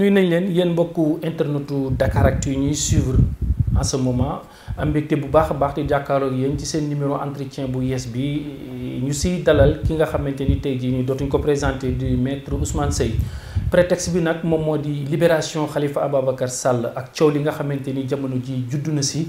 nuyu nañ leen yéen mbokku internetu Dakaractu yi ñuy suivre en ce moment am mbégte bu baax a baax di jàkkaarloog yéen ci seen numéro entretien bu yees bi ñu siy dalal ki nga xamante ni tey jii nii dootuñ ko présenté du maître Ousmane Seye prétexte bi nag moom moo di libération Khalifa Ababacar Sall ak coow li nga xamante ni jamono ji juddu na si.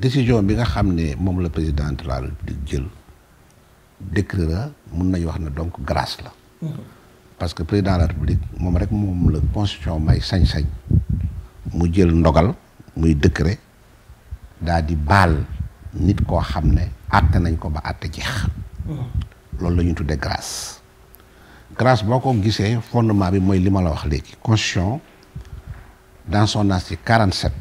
décision bi nga xamné mom moom la président de la république jël décret la mën nañ wax na donc grâce la parce que président de la république mom rek mom la constitution may sañ-sañ mu jël ndogal muy décret daal di bal nit ko xamné ne nañ ko ba àtte jeex lolou lañu tuddé grâce grâce boko gissé fondement bi moy lima la wax légui constitution dans son article 47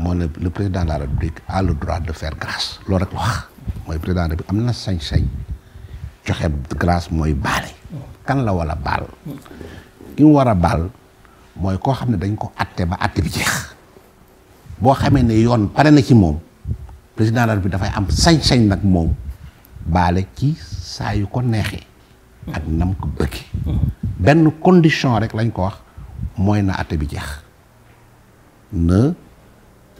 moo ne le président la république a le droit de faire grâce loolu rek la wax mooy président de la république am na sañ-sañ joxe grâce mooy baale kan la war a baal ki mu war a baal mooy koo xam ne dañ ko atte ba atte bi jeex boo xamee ne yoon pare na ci moom président de la république dafay am sañ-sañ nag moom baale ci saa yu ko neexee ak nam ko bëggee benn condition rek lañ ko wax mooy na atte bi jeex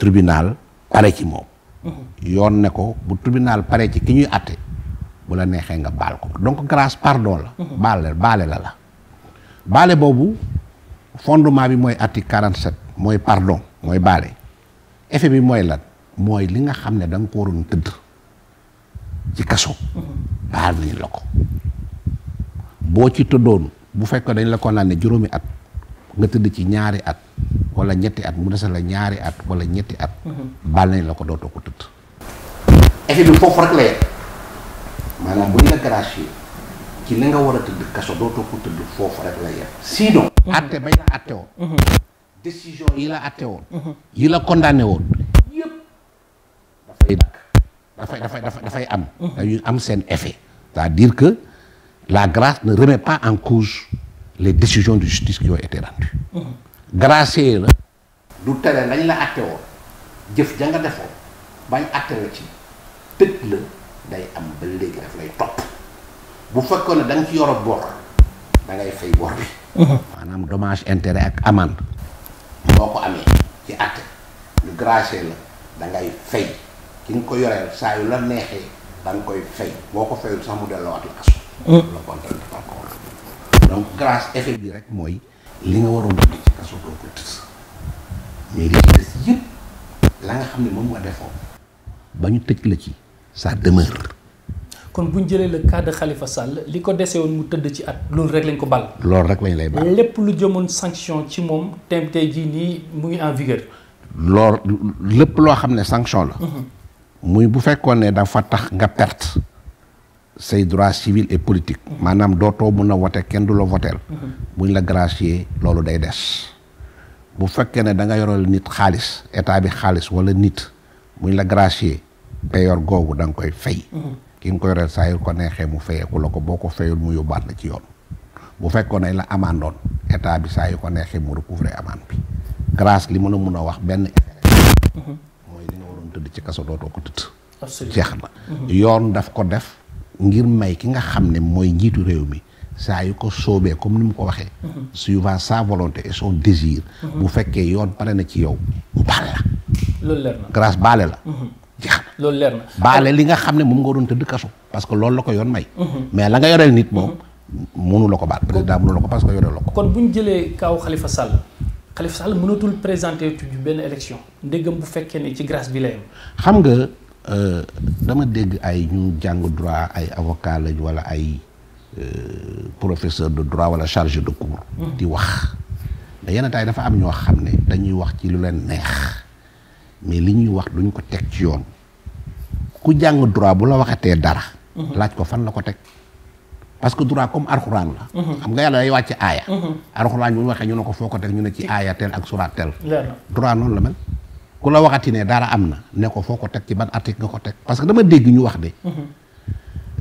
tribunal pare ci moom mhm. yoon ne ko bu tribunal pare ci ki ñuy àtte bu la neexee nga baal ko donc grâce pardon la mhm. baale baale la la baale boobu fondement bi mooy article 47 mooy pardon mooy baale bi mooy lan li nga xam ne da nga ko waroon tëdd ci kaso mhm. baal nañ la ko boo ci tëddoon bu fekk dañ la ko naan juróomi at nga tëdd ci ñaari at wala ñetti at mu dese la ñaari at wala ñetti at. Mhm. baal la ko doto ko tëdd. effet bi foofu rek la yem maanaam bu ñu la gracier ci li nga wara tudd kasso doto ko tudd foofu rek la yem sinon. Mhm. até bay la até won mhm. décision yi la até won yi la condamné won woon. da fay da fay da fay am. dañuy am sen effet. c'est-à-dire que la grâce ne remet pas en cause les décisions de justice qui ont été rendues. gracier la. du tere lañ la àtte woon jëf ja nga bañ àtte ci tëj la day am ba léegi daf lay topp bu fekkoon ne da ci yoro bor da ngay fay bor bi. Mhm. maanaam dommage intérêt ak amende. boo ko amee ci àtte lu gracier la da ngay ki nga ko yoreel saa yu la neexee da koy fay boo ko fayul sax mu delloowaat la kaso. Mhm. la kontaan donc grâce effet bi rek mooy. li nga waroon ba ñu tëj la ci ça demeure. kon bu ñu jëlee la kàdd xalifa sàll li ko dese woon mu tëdd ci at loolu rek lañ ko bal lool rek lañ lay bal lépp lu jëmoon sanction ci moom tem tey jii nii mu ngi en vigueur. loolu lépp loo xam ne sanction la. Mhm. muy bu fekkoon ne dafa tax nga perte. say droits civils et politiques. maanaam dootoo mun a wote kenn du la voteel mhm. buñ la gracier loolu day des. bu fekkee ne da nga yoral nit xaalis état bi xaalis wala nit buñ la gracier payor googu da nga koy fay. Mhm. ki nga ko yoreel saa yu ko neexee mu fayeeku la ko boo ko fayul mu yóbbaat la ci yoon. bu fekkoon ne la amandoon état bi saa yu ko neexee mu recouvrer amande bi. grâce li mën a mun a wax benn mhm. mooy li nga waroon tëdd ko tëdd. jeex na yoon daf ko def. ngir may ki nga xam ne mooy njiitu réew mi saa yu ko soobee comme ni mu ko waxee. Mhm. suivant sa volonté et son désir. Mhm. bu fekkee yoon pare na ci yow mu baal la. loolu leer na grâce baale la. Mhm. jeex na loolu na. baale li nga xam ne moom nga doon tëdd kaso. parce que loolu la ko yoon may. mais la nga yoreel nit moom. mënu la ko baal président mënu la ko parce que yoreel la ko. kon bu ñu jëlee kaw Khalifa Sall. Khalifa Sall mënatul présenter tuuti benn élection. ndéggam bu fekkee ne ci bi la Euh, dama dégg ay ñu jàng droit ay avocat lañ wala ay euh, professeur de droit wala chargé de cours. di wax mais yenn taay dafa am ñoo xam ne dañuy wax ci lu leen neex mais li ñuy wax duñ ko teg ci yoon ku jàng droit bu la waxatee dara. Mhm. laaj ko fan la ko teg. parce que droit comme arxuraan la. Mhm. xam nga yàlla day wàcc aaya. Mhm. arxuraan bu ñu waxee ñu ne ko foo ko teg ñu ne ci aaya tel ak sura tel. droit noonu la mel. ku la waxati ne dara am na ne ko foo ko teg ci ban article nga ko teg parce que dama dégg ñu wax de.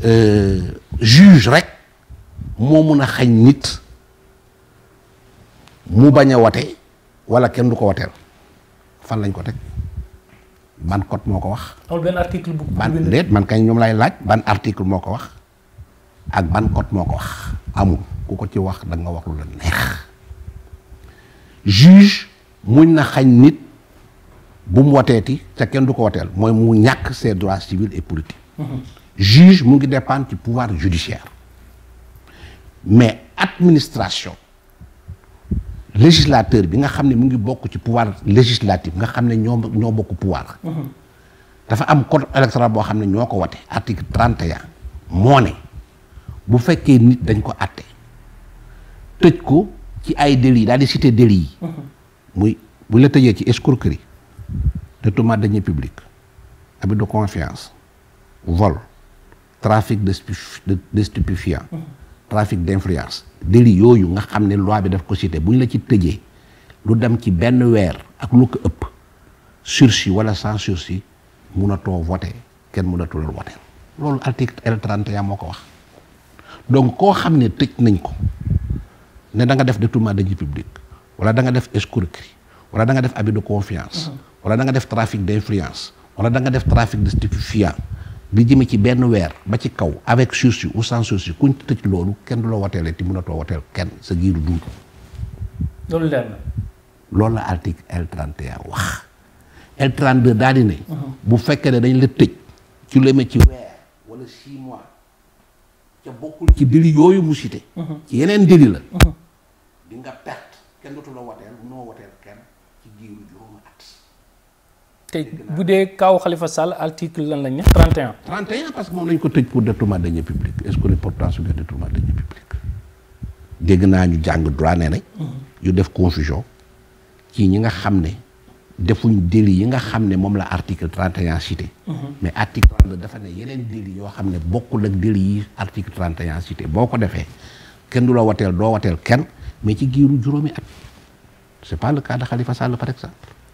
Euh, juge rek moo mun a xañ nit mu bañ a wote wala kenn du ko woteel fan lañ ko teg ban code moo ko wax. amul benn article ban déet man kañ ñoom lay laaj ban article moo ko wax ak ban code moo ko wax amul ku ko ci wax da nga la neex juge muñ na xañ nit. bu mu wateeti te kenn du ko wateel moy mu ñak ses droits civils et politiques juge mu ngi dépendre ci pouvoir judiciaire mais administration législateur bi nga xamné mu ngi bokku ci pouvoir législatif nga xamné ne ñoo bokku bokk pouvoir dafa am code électoral bo xamné ñoko waté article 31 moné bu féké nit dañ ko atté tejj ko ci ay délits daal di cité délits yi muy bu la tëjee ci escroquerie détournement de deniers public. abus de confiance, vol, trafic de, de, de stupéfiants, mm-hmm. trafic d'influence. Délit yoyu nga xamné loi bi daf ko cité buñ la ci tejé lu dem ci benn weer ak lu ko ëpp sursis wala sans sursis mënatoo voté kenn to la voté loolu article L31 moo ko wax donc koo xam ne tëj nañ ko ne da nga def détournement de deniers publics wala da nga def escroquerie wala da nga def abus de confiance. Mm -hmm. wala da nga def trafic d'influence wala da nga def trafic de stupéfiant li jëme ci benn weer ba ci kaw avec sursis au sans sursis kuñ tëj loolu kenn du la woteele ti mënatoo woteel kenn sa giiru dund loolu leer la article L31 wax l daal di ne mhm. bu fekkee ne dañ la tëj ci leme ci weer wala six mois ca bokkul ci dili yooyu mu mhm. ci yeneen dili la mhm. di perte kenn dootu la woteel mënoo woteel tey bu dee kaw Khalifa Sall article lan lañ ne 31. 31 parce que moom lañ ko tëj pour détournement de deniers publics escroquerie portant sur le détournement de deniers publics dégg naa ñu jàng droit ne nañ. yu def confusion ci ñi nga xam defuñ délit yi nga xam ne la article 31 cité. mais article 32 dafa ne yeneen délit yoo xam ne bokkul ak délit yi article 31 cité boo ko defee kenn du la wateel doo wateel kenn mais ci giiru juróomi at c'est pas le cas de Khalifa Sall par exemple.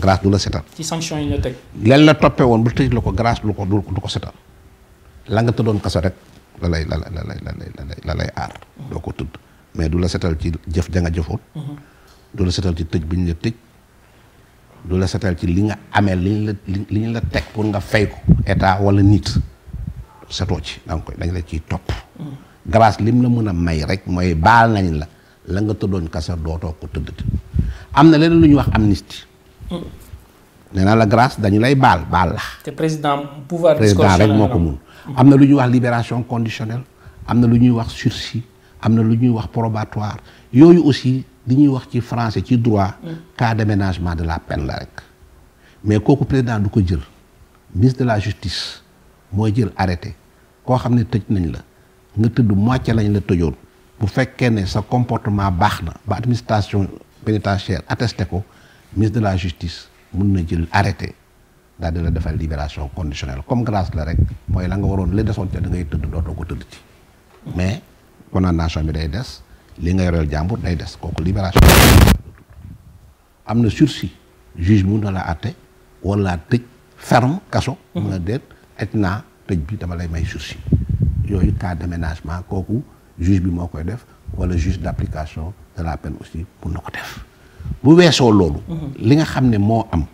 grâce du la setal. ci sanction yi ñu teg. leen la toppee woon bu tëj la ko grâce lu ko du ko setal la nga tëddoon kaso rek la lay la lay la lay la lay aar. doo ko tëdd mais du la setal ci jëf ja nga jëfoon. Mm-hmm. du la setal ci tëj bi ñu la tëj. du la setal ci li nga amee li ñu la la teg pour nga fay ko état wala nit setoo ci da nga koy dañ la ciy topp. Mm-hmm. grâce lim la mën a may rek mooy baal nañ la la nga tëddoon kaso dootoo ko tëdd. am na leneen lu ñuy wax amnistie. nee naa la grâce dañu lay baal baal la. te président pouvoir président rek moo ko mun. am na lu ñuy wax libération conditionnelle am na lu ñuy wax sursis am na lu ñuy wax probatoire yooyu aussi li ñuy wax ci français ci droit. Mm. cas d'aménagement de la peine la rek. mais kooku président du ko jël ministre de la justice mooy jël arrêté koo xam ne tëj nañ la nga tëdd moitié lañ la tëjoon bu fekkee ne sa comportement baax na ba administration pénitentiaire attesté ko ministre de la justice mun na jël arrêté daal di la defal libération conditionnelle comme grâce la rek mooy la nga waroon li desoon te da ngay tëdd dootoo ko tëdd ci mais condamnation bi day des li nga yoreel jàmbur day des kooku libération am na sursis juge mun na la àtte wala tëj ferme kaso mun na déet et naa tëj bi dama lay may sursis yooyu cas d'aménagement kooku juge bi moo koy def wala juge d'application de la peine aussi pour na ko def bu weesoo loolu. Mhm. li nga xam ne moo am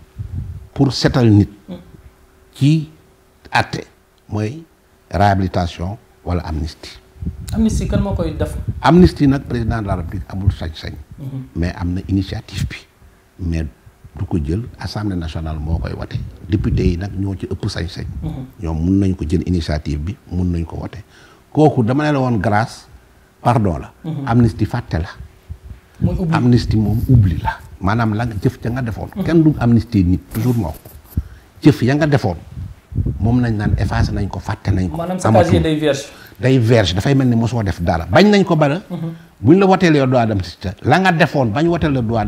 pour setal nit. Mhm. ci àtte mooy réhabilitation wala amnistie. amnistie kan moo koy def. amnistie nag président de la république amul sañ-sañ. Mhm. mais am na initiative bi mais du ko jël assemblée nationale moo koy wote député yi nag ñoo ci ëpp sañ-sañ. ñoom mun nañ ko jël initiative bi mun nañ ko wote kooku dama ne la woon grâce pardon la. amnistie fàtte la. amnistie moom oubli la maanaam la nga jëf ja nga defoon mm. kenn du amnistie nit toujours ma wax ko jëf ya nga defoon moom nañ naan effacé nañ ko fàtte nañ ko amatul day verge dafay mel ni mosoo def dara bañ nañ ko bala mm-hmm. buñ la woteele yow droit d'amnistie la nga defoon bañ woteel la droit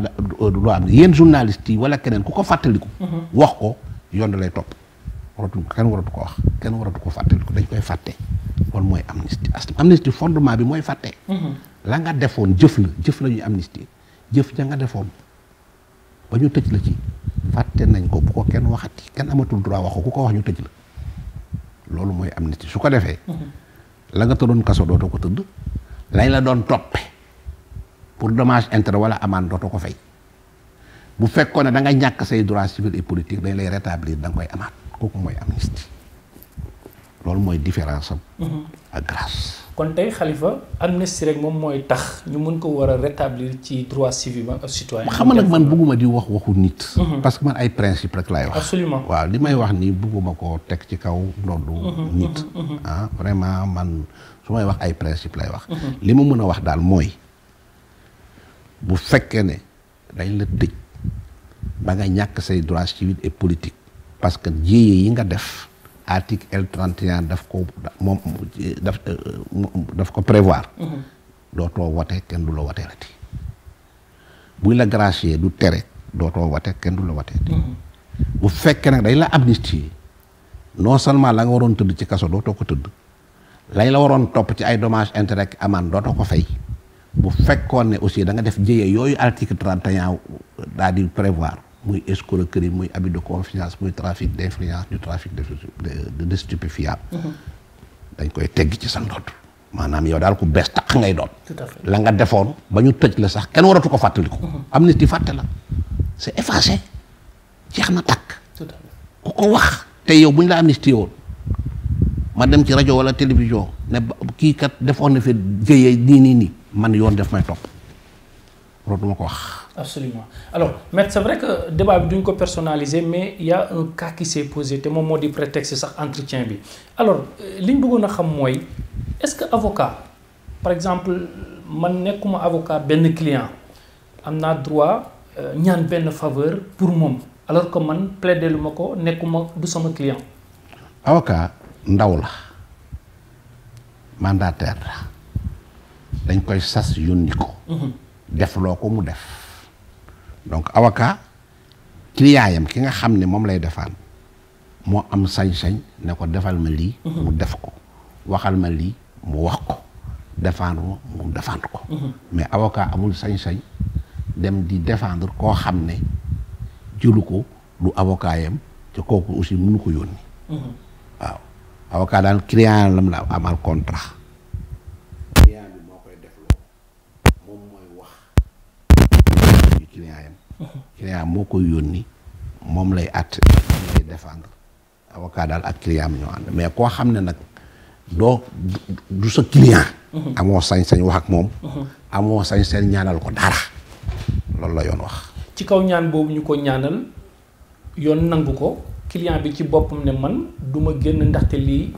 droit am yéen journaliste yi wala keneen ku ko fàttaliku mm-hmm. wax ko yoon da lay topp waratu kenn waratu ko wax kenn waratu ko fàttaliku dañ koy fàtte loolu mooy amnistie as amnistie fondement bi mooy fàtte mm-hmm. la nga defoon jëf la jëf lañu ñuy amnistie jëf ja nga defoon ba ñu tëj la ci fàtte nañ ko bu ko kenn waxati kenn amatul droit waxo ku ko wax ñu tëj la loolu mooy amnistie su ko defee mhm. la nga tëddoon kaso dootoo ko tëdd lañ la doon toppe pour dommage intérêt wala amende dootoo ko fay bu fekkoon ne da nga ñàkk say droit civil et politique dañ lay rétablir da nga koy amaat kooku mooy amnistie loolu mooy différence am. Mm-hmm. ak grâce. kon tey xalifa amnesty rek moom mooy tax ñu mën ko war a rétablir ci droit civil ak citoyen. xam nga nag man bëgguma di wax waxu nit. Mm-hmm. parce que man ay principe rek laay wax. absolument waaw li may wax nii bëgguma ko teg ci kaw ndoddu. Mm-hmm. nit ah vraiment man su may wax ay principe lay wax. li ma mën a wax daal mooy bu fekkee ne dañ la tëj ba nga ñàkk say droit civil et politique parce que jéeye yi nga def. article L31 daf ko moom daf daf ko prévoir. Mhm. dootoo wote kenn du la woteelati buñ la gracier du tere doo too wote kenn du la woteelati. Mhm. bu fekkee nag dañ la amnistie non seulement la nga waroon tëdd ci kaso doo too ko tëdd lañ la waroon topp ci ay dommages intérêts ak doo dootoo ko fay bu fekkoon ne aussi da nga def jëye yooyu article 31 daal di prévoir muy escroquerie muy abus de confiance muy trafic d'influence du trafic de de stupéfiants. Mm-hmm. dañ koy tégg ci sa ndodd Manam yow dal ko bes tak ngay doon la nga defoon ba ñu tëj la sax ken waratu ko fàttaliku mm-hmm. am nit la c'est effacé jeex na takk ku ko wax te yow buñ la amnistie woon ma dem ci radio wala télévision né ki kat defoon na fi géyee ni ni ni man yoon def may top. waratu ko wax Absolument. Alors, c'est vrai que le débat est personnalisé, mais il y a un cas qui s'est posé, c'est mon du prétexte, c'est entretien. Alors, ce que veux est-ce que avocat, par exemple, je suis comme avocat ben client, j'ai le droit euh, ñaan une faveur pour moi. alors que je plaide le ma ko nekkuma du sama client. avocat ndaw un mandataire Il dañ koy sas yónni ko. Mhm. defloo ko mu def. donc avocat client yam ki nga xam ne moom lay defaan moo am sañ-sañ ne ko defal ma lii mhm. mu def ko waxal ma lii mu wax ko défendre mu défendre ko mhm. mais avocat amul sañ-sañ dem di défendre koo xam ne jëlu ko du avocat yam kooku aussi mu ko yónni mhm. waaw avocat daal client lam la amal contrat client moo koy yónni moom lay àtte moom lay défendre avocat daal ak client am ñoo ànd mais koo xam ne nag doo du sa client amoo sañ-sañ wax ak moom amoo sañ-sañ ñaanal ko dara loolu la yoon wax ci kaw ñaan boobu ñu ko ñaanal yoon nangu ko client bi ci boppam ne man du ma génn ndaxte lii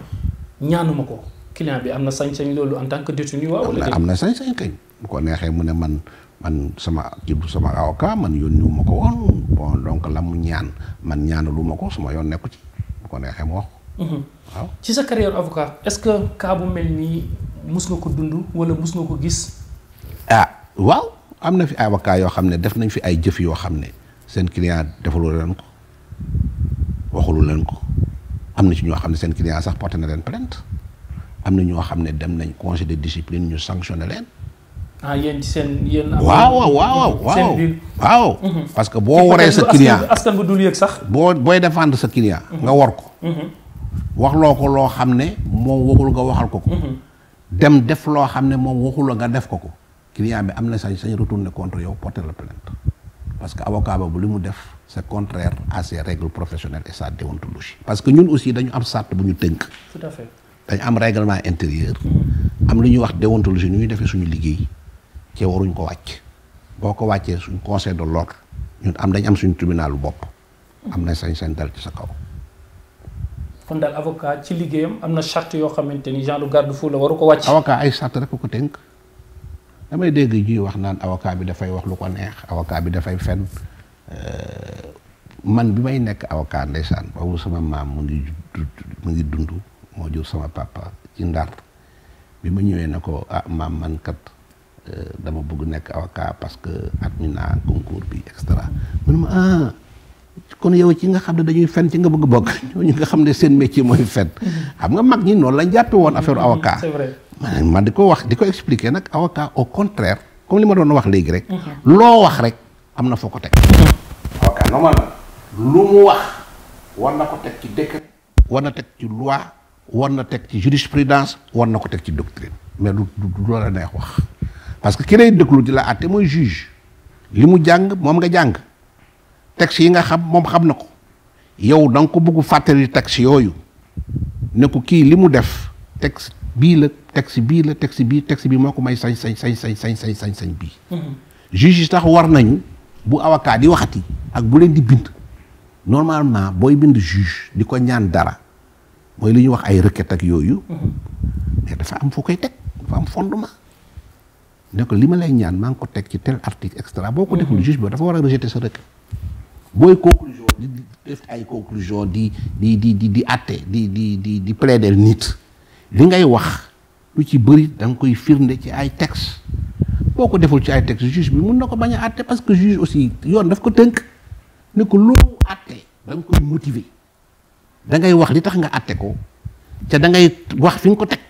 ñaanuma ko client bi am na sañ-sañ loolu en tant que détenu waaw am na sañ-sañ kañ bu ko neexee mu ne man man sama kii sama avocat man yoon yónniwu ma ko woon bon donc la mu ñaan man ñaana ñaanalu ma ko sama yoon nekku ci bu ko neexee mu wax. Mhm. waaw ci sa carrière avocat est-ce que cas bu mel nii mus nga ko dund wala mus nga ko gis. ah waaw am na fi avocat yoo xam ne def nañ fi ay jëf yoo xam ne seen client defalu leen ko waxulu leen ko am na ci ñoo xam ne seen client sax porté na leen plainte am na ñoo xam ne dem nañ congé de discipline ñu sanctionné leen. ah yéen ci seen yéen. waaw waaw waaw waaw mhm. parce que boo woree sa client askan bu dul yëg sax. boo booy défendre sa client. Mhm. nga war ko. Mhm. waxloo ko loo xam ne moom waxul nga waxal ko ko. dem def loo xam ne moom waxuloo nga def ko ko. client bi am na sañ sañ retourner contre yow porter la plainte parce que avocat boobu li mu def c'est contraire à ses règles professionnelles et sa déontologie. parce que ñun aussi dañu am sart bu ñu tënk. tout à fait dañu am règlement intérieur. am lu ñuy wax déontologie nu ñuy defee suñu liggéey. ci waruñ ko wacc boko ko suñ conseil de l'ordre ñun am dañ am suñ tribunalu bop am na sañ-sañ dal ci sa kaw kon dal avocat ci liggéeyam am na charte yo xamanteni ni genre garde fou la waru ko wacc avocat ay charte rek ko tenk damay dégg ji wax naan avocat bi fay wax lu ko neex avocat bi fenn euh man bi may nek avocat ndeysaan boobu sama mam mu ngi mu ngi dundu mo jur sama papa ci ndar bima ñëwé nako ah mam man kat dama bëgg nek avocat parce que admis concours bi et cetera mu ah kon yow ci nga xamne dañuy fenn ci nga bëgg bok ñu nga xamne seen métier moy fenn xam nga mag ñi non lañ jappé won affaire avocat c'est vrai man diko wax diko expliquer nak avocat au contraire comme li ma doon wax légui rek lo wax rek amna foko tek ko avocat normal lu mu wax war na ko teg ci décret war na teg ci loi war na teg ci jurisprudence war na ko teg ci doctrine mais lu du la neex wax parce que ki lay de di la àtte mooy juge li mu jàng moom nga jàng texte yi nga xam mom xam nako ko yow da nga ko bëgg fàttali texte ne ko ki li def texte bi la taxi bi la texte bi texte bi moko may sañ sañ sañ sañ sañ sañ sañ bii. Mhm. juge tax war nañ bu avocat di waxati ak bu len di bind normalement boy bind juge diko ñaan dara moy li wax ay requête ak yoyu mhm. mais dafa am foo koy dafa am fondement. donc lima lay ñaan ma ngi ko teg ci tel article et cetera boo ko deful juge ba mhm. dafa war a rejeter sa rek booy conclusion di def ay conclusion di di di di di atté di di di di plaider nit li ya. ngay wax lu ci bëri da nga koy firnde ci ay texte boo ko deful ci ay texte juge bi mun na ko bañ a atte parce que juge aussi yoon daf ko tënk ne ko loo atté da nga koy motiver da ngay wax li tax nga atté ko ca da ngay wax fi nga ko teg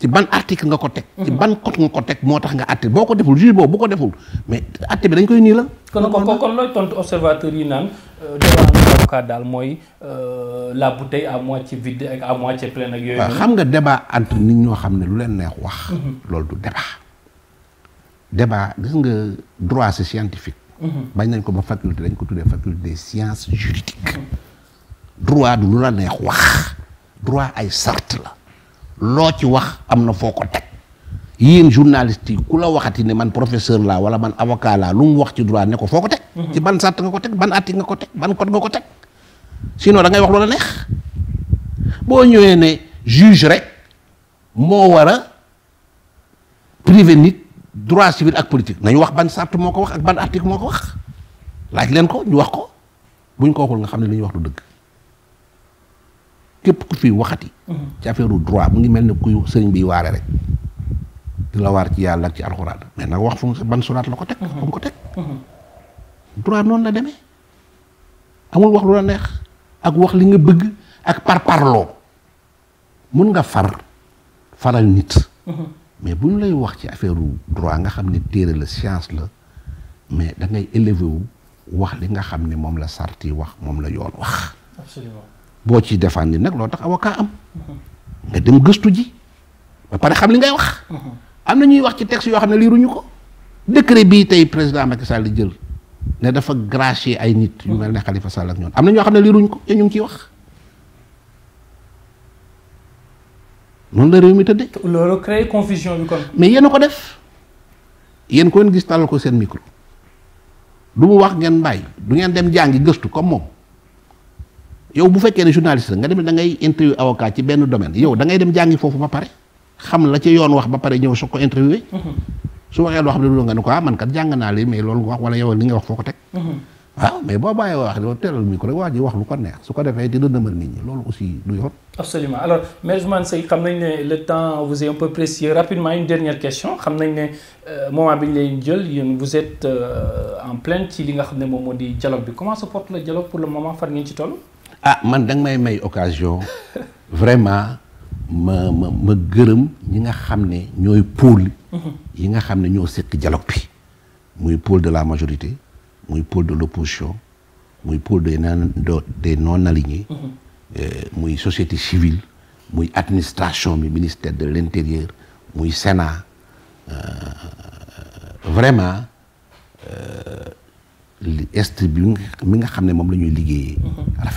ci ban article nga ko tek ci mhm. ban code nga ko tek motax nga atté boko deful juge bobu boko deful mais atté bi dañ koy ni la kon kon kon loy tontu observateur yi naan euh, débat avocat daal mooy euh, la bouteille à moitié vide ak à moitié pleine ak yooyu xam nga débat entre nit ñoo xamné lu leen neex wax mhm. lool du débat débat gis nga droit c'est scientifique mhm. bañ nañ ko ba faculté dañ ko tuddé faculté des sciences juridiques droit du lu la neex wax droit ay sarte la loo ci wax am na foo ko teg yéen journaliste yi ku la waxati ne man professeur laa wala man avocat laa lu mu wax ci droit ne ko foo ko teg. Mhm. ci ban sàtt nga ko teg ban atti nga ko teg ban code nga ko teg sinon da wax loola neex ñëwee ne juge rek moo war a privé nit droit civil ak politique nañu wax ban sàtt moo ko wax ak ban article moo ko wax laaj leen ko ñu wax ko buñ ko waxul nga xam ne li ñuy wax lu dëgg. kep ku fi waxati mm-hmm. ci affaireu droit mu ngi melni ku kuy bi waré rek di war ci yalla ak ci alcorane mais nak wax fu ban surat la ko teg mm-hmm. ko tek mm-hmm. droit non la démé amul wax lu la neex ak wax li nga bëgg ak par parlo mën nga far faral nit mais buñ lay wax ci affaireu droit nga xamni ne la science la mais da ngay élever wu wax li nga xamni ne la sarti wax mom la yoon wax absolument boo ci défendre nag loo tax avocat am nga dem gëstu ji ba pare xam li ngay wax am na ñuy wax ci texte yoo xam ne liiruñu ko décret bii tey président Macky Sall di jël ne dafa gracier ay nit yu mel ne xalifa Sall ak ñoom am na ñoo xam ne lii liiruñu ko te ñu ngi ciy wax noon la réew mi tëddee. loolu créer confusion bi kon. mais yéen a ko def yéen ko leen gis talal ko seen micro du mu wax ngeen bàyyi du ngeen dem jàngi gëstu comme moom. yow bu fekkee ne journaliste nga dem da ngay interview avocat ci benn domaine yow da ngay dem jàngi foofu ba pare xam la ci yoon wax ba pare ñëw soog ko interviewé. Mm-hmm. su waxee loo xam ne loolu nga ne quoi ah, man kat jàng naa lii mais loolu wax wala yow li nga wax foo ko teg. waaw mm-hmm. ah, mais boo bàyyi wax doo teelal micro rek wax ji wax lu ko neex su ko defee dina nëmal nit ñi loolu aussi du yoon. absolument alors mais Ousmane Seye xam nañ ne le temps vous est un peu précieux rapidement une dernière question xam nañ ne euh, moment bi ñu lay jël yéen vous êtes euh, en pleine ci li nga xam ne moom moo di dialogue bi comment se porte le dialogue pour le moment far ngeen ci toll ah man dang occasion vraiment je ma nga nga ñoo dialogue de la majorité de l'opposition des non non alignés mhm. euh, société civile administration ministère de l'intérieur muy Sénat euh, vraiment euh est bi nga xamné la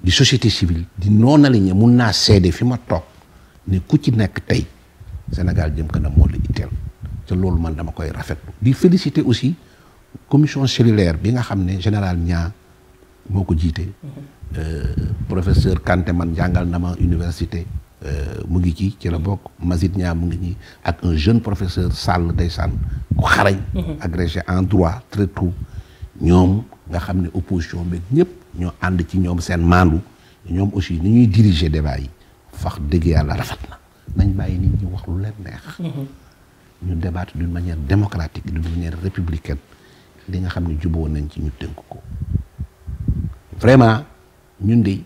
di société civile di non aligné mu na cédé fi ma toog ne ku ci nek tay Sénégal jëm kanam mo la itteel te man dama koy rafet di féliciter aussi commission cellulaire bi nga xamné ne général nya moko jité euh professeur Kanté man jangal nama université euh mu ngi ci ci la bok Mazid nya mu ngi ni ak un jeune professeur Sall Deysane ku xaray mhm. agrégé en droit très tôt ñom nga xamné ne opposition bi ñëpp ño and ci ñom seen maandu ñom aussi ni ñuy diriger débat yi fax deug yalla rafet nañ bayyi nit ñi wax lu leen neex mhm. ñu débat d'une manière démocratique d'une manière républicaine li nga xamni jubo nañ ci ñu teunk ko vraiment ñun di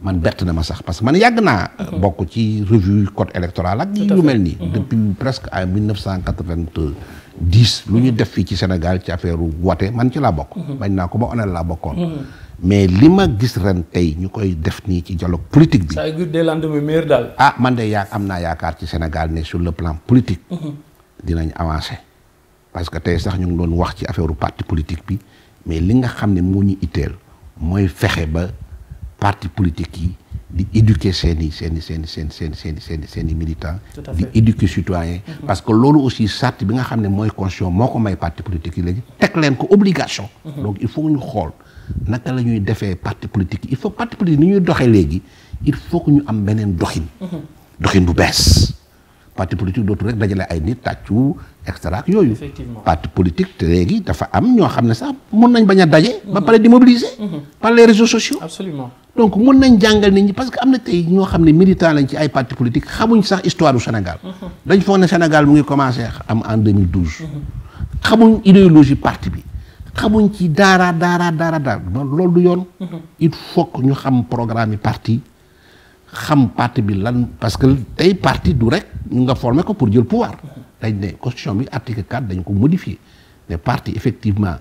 man bett na ma sax parce que man yag na mhm. bokku ci revue code électoral ak yu melni mhm. depuis presque à 1992 10 lu ñu def fi ci Sénégal ci affaire woote man ci la bokk bañ na ko ba onel la bokkoon mais li ma gis ren tey ñu koy def nii ci dialogue politique bi. ça ah man de yaa am naa yaakaar ci Sénégal ne sur le plan politique. Mhm. dinañ avancer. parce que tey sax ñu ngi doon wax ci affaire parti politique bi mais li nga xam ne moo ñu itteel mooy fexe ba parti politique yi di éduquer seen i seeni i seen i seen seen seen seen seen i di éduquer citoyen mhm. parce que loolu aussi charte bi nga xam ne mooy constitution moo ko may parti politique yi léegi teg leen ko obligation. Mhm. donc il faut ñu xool. naka la ñuy defee parti politique il faut parti politique ni ñuy doxee léegi il faut que ñu am beneen doxin. Mhm. doxin bu bees. parti politique dootu rek dajale ay nit tàccu extra ak yooyu. effectivement parti politique te léegi dafa am ñoo xam ne sax mun nañ bañ a daje. Mhm. ba pare di mobiliser. Mhm. par les réseaux sociaux. absolument donc mun nañ jàngal nit ñi parce que am na tey ñoo xam ne militant lañ ci ay parti politique xamuñ sax histoire u Sénégal. dañ foog ne Sénégal mu ngi commencé am en xamuñ idéologie xamuñ ci daara daara daara daara loolu du yoon. Mhm. it faut ñu xam programme yi parti xam parti bi lan parce que tey parti du rek ñu nga formé ko pour jël pouvoir mhm. dañ ne constitution bi article 4 dañ ko modifier ne parti effectivement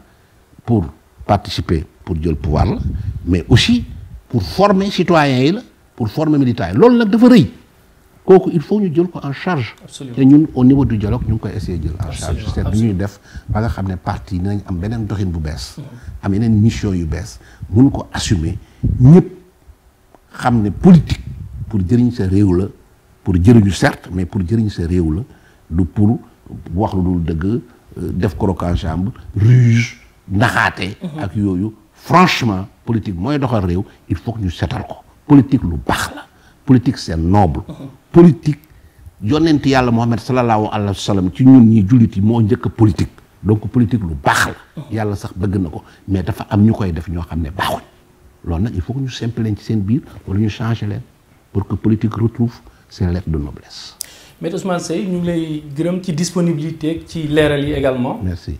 pour participer pour jël pouvoir la mais aussi pour former citoyens yi la pour former militants yi loolu nag dafa rëy. il faut que nous en charge au niveau du dialogue nous avons koy de en charge C'est devons def ba nga parti am une doctrine, bu une mission Nous, bees ko assumer ñëpp politique pour dire que c'est réel, pour jëriñu certes mais pour dire que c'est la pour wax dul euh, ruse mhm. ak franchement politique il faut que nous soyons ko politique nous parlons politique c'est noble uh-huh. politique yonent yalla Muhammad sallallahu alayhi wa sallam ci ñun ñi jullit yi moo njëkk politique donc politique lu baax la uh-huh. yàlla sax bëgg nako mais dafa am ñukoy def ño xamné baxul lool nak il faut que ñu simple leen ci seen biir wala ñu changer leen pour que politique retrouve ses lettres de noblesse mais Ousmane Sey, ñu ngi lay gërëm ci disponibilité ci leeral yi également merci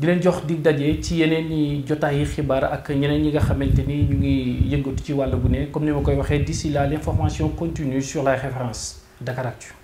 di jox dig ci ak ñi nga comme koy d'ici là l'information continue sur la référence Dakaractu